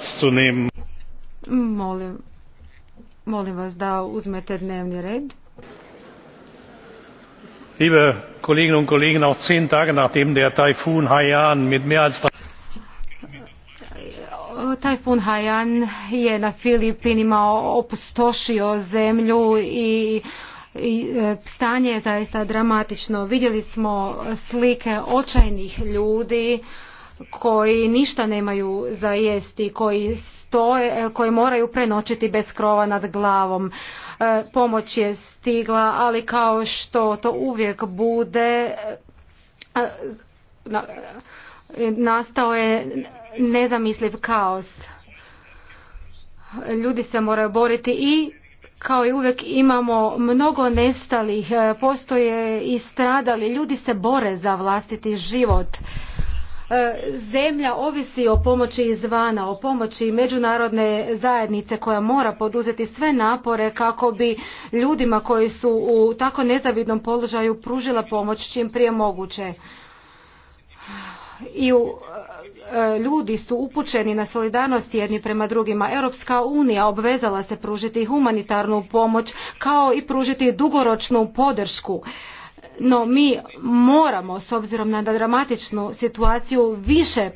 zu nehmen. Molim, molim vas da uzmete dnevni red. Liebe Kolleginnen und Kollegen, auch zehn Tage nachdem der Taifun Haiyan mit mehr als Tajfun Haiyan je na Filipinima opustošio zemlju i e, stanje je zaista dramatično. Vidjeli smo slike očajnih ljudi koji ništa nemaju za jesti, koji, stoje, e, koji moraju prenoćiti bez krova nad glavom. E, pomoć je stigla, ali kao što to uvijek bude, e, nastao je nezamisliv kaos. Ljudi se moraju boriti i kao i uvijek imamo mnogo nestalih, postoje i stradali, ljudi se bore za vlastiti život. E, zemlja ovisi o pomoći izvana, o pomoći međunarodne zajednice koja mora poduzeti sve napore kako bi ljudima koji su u tako nezavidnom položaju pružila pomoć čim prije moguće. I u, e, ljudi su upućeni na solidarnost jedni prema drugima. Europska unija obvezala se pružiti humanitarnu pomoć kao i pružiti dugoročnu podršku no mi moramo s obzirom na dramatičnu situaciju više e,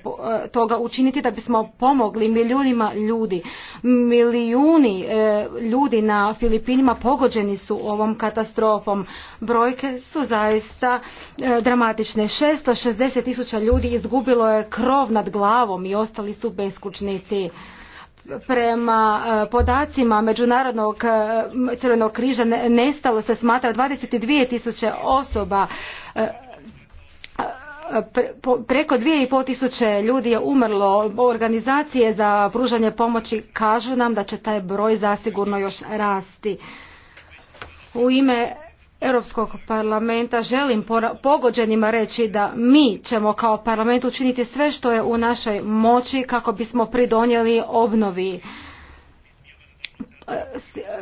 toga učiniti da bismo pomogli milijunima ljudi milijuni e, ljudi na Filipinima pogođeni su ovom katastrofom brojke su zaista e, dramatične 660 tisuća ljudi izgubilo je krov nad glavom i ostali su beskućnici prema e, podacima Međunarodnog e, crvenog križa nestalo se smatra 22 tisuće osoba e, preko dvije tisuće ljudi je umrlo organizacije za pružanje pomoći kažu nam da će taj broj zasigurno još rasti u ime Europskog parlamenta želim pogođenima reći da mi ćemo kao parlament učiniti sve što je u našoj moći kako bismo pridonijeli obnovi.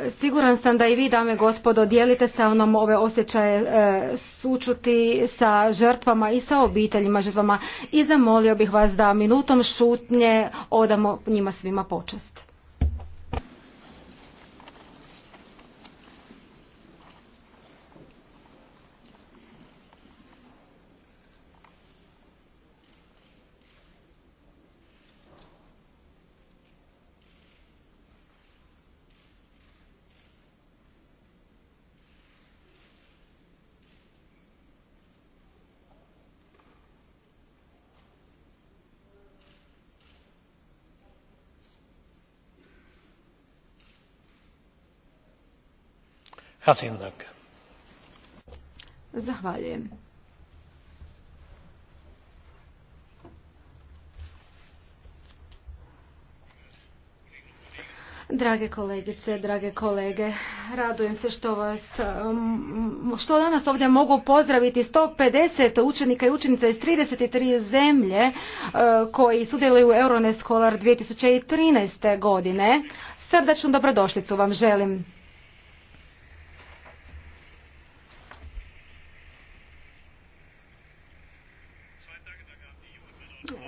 E, siguran sam da i vi, dame gospodo, dijelite sa mnom ove osjećaje e, sučuti sa žrtvama i sa obiteljima žrtvama i zamolio bih vas da minutom šutnje odamo njima svima počest. Dank. Zahvaljujem. Drage kolegice, drage kolege, radujem se što vas, um, što danas ovdje mogu pozdraviti 150 učenika i učenica iz 33 zemlje uh, koji sudjeluju u Euronescolar 2013. godine. Srdačnu dobrodošlicu vam želim.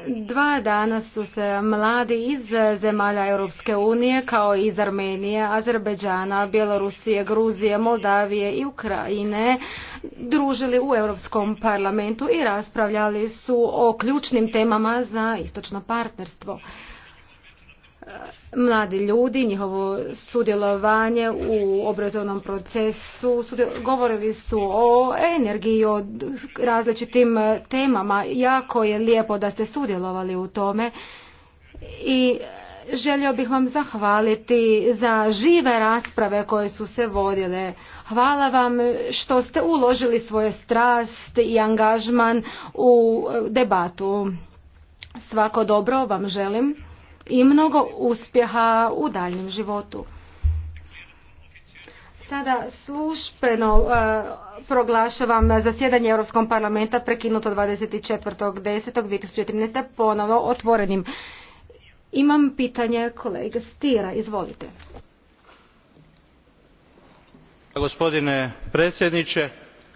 Dva dana su se mladi iz zemalja Europske unije kao iz Armenije, Azerbeđana, Bjelorusije, Gruzije, Moldavije i Ukrajine družili u Europskom parlamentu i raspravljali su o ključnim temama za istočno partnerstvo mladi ljudi, njihovo sudjelovanje u obrazovnom procesu, govorili su o energiji, o različitim e, temama. Jako je lijepo da ste sudjelovali u tome i želio bih vam zahvaliti za žive rasprave koje su se vodile. Hvala vam što ste uložili svoje strast i angažman u debatu. Svako dobro vam želim i mnogo uspjeha u daljnjem životu. Sada slušpeno e, proglašavam zasjedanje Europskog parlamenta prekinuto 24.10.2013. ponovo otvorenim. Imam pitanje kolege Stira, izvolite. Gospodine predsjedniče,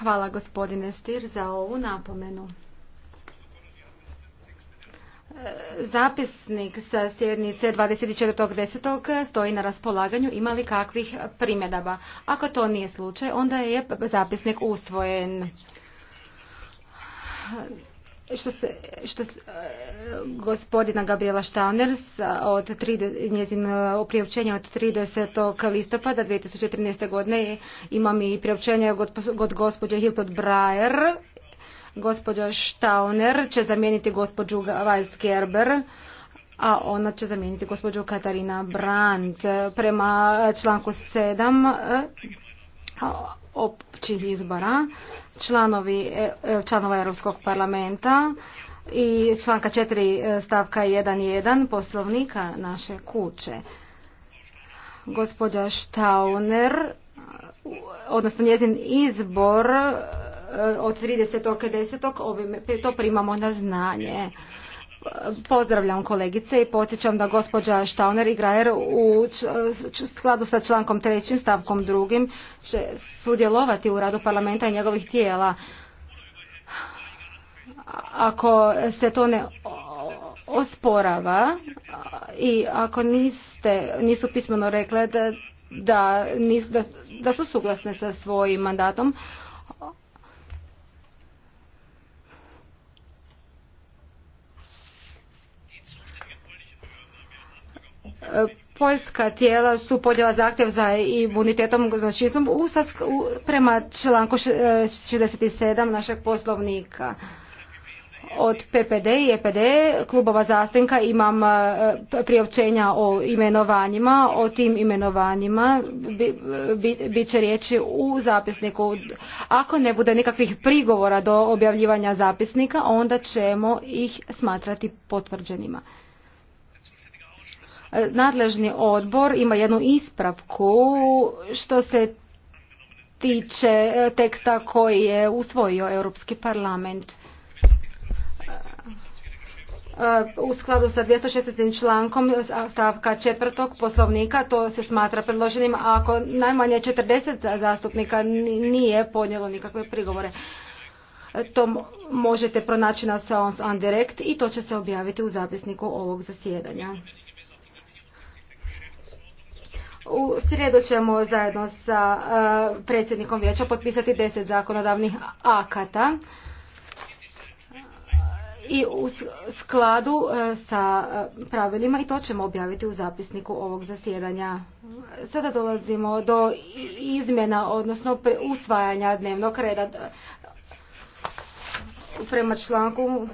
Hvala gospodine Stier za ovu napomenu. Zapisnik sa sjednice 24.10. stoji na raspolaganju ima li kakvih primjedaba. Ako to nije slučaj, onda je zapisnik usvojen što se, što se, gospodina Gabriela Štauners od tri, njezin e, priopćenje od 30. listopada 2013. godine imam i priopćenje od gospođe Hilpot Brajer. Gospođa Štauner će zamijeniti gospođu Gerber a ona će zamijeniti gospođu Katarina Brandt. Prema članku 7 općih izbora članovi, e, e, članova Europskog parlamenta i članka 4 e, stavka 1.1 poslovnika naše kuće. Gospođa Štauner, odnosno njezin izbor od 30.10. to primamo na znanje. Pozdravljam kolegice i podsjećam da gospođa Štauner i Grajer u skladu sa člankom 3. stavkom 2. će sudjelovati u radu parlamenta i njegovih tijela. Ako se to ne osporava i ako niste, nisu pismeno rekle da, da, da su suglasne sa svojim mandatom, Poljska tijela su podjela zahtjev za imunitetom u, prema članku 67 e, našeg poslovnika. Od PPD i EPD klubova zastanka imam e, priopćenja o imenovanjima. O tim imenovanjima bit će riječi u zapisniku. Ako ne bude nikakvih prigovora do objavljivanja zapisnika, onda ćemo ih smatrati potvrđenima. Nadležni odbor ima jednu ispravku što se tiče e, teksta koji je usvojio Europski parlament e, e, u skladu sa 260. člankom stavka četvrtog poslovnika to se smatra predloženim ako najmanje 40 zastupnika nije podnijelo nikakve prigovore. To možete pronaći na Sons on Direct i to će se objaviti u zapisniku ovog zasjedanja. U srijedu ćemo zajedno sa e, predsjednikom vijeća potpisati deset zakonodavnih akata i u skladu e, sa e, pravilima i to ćemo objaviti u zapisniku ovog zasjedanja. Sada dolazimo do izmjena, odnosno usvajanja dnevnog reda prema članku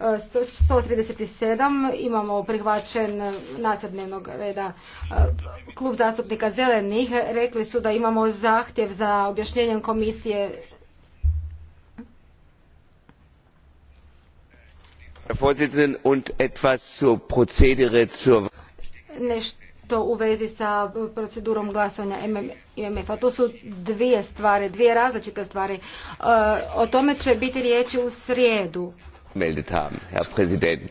137 imamo prihvaćen nacrt dnevnog reda. E, Klub zastupnika zelenih rekli su da imamo zahtjev za objašnjenjem komisije nešto u vezi sa procedurom glasovanja IMF-a. To su dvije stvari, dvije različite stvari. E, o tome će biti riječi u srijedu gemeldet haben herr präsident!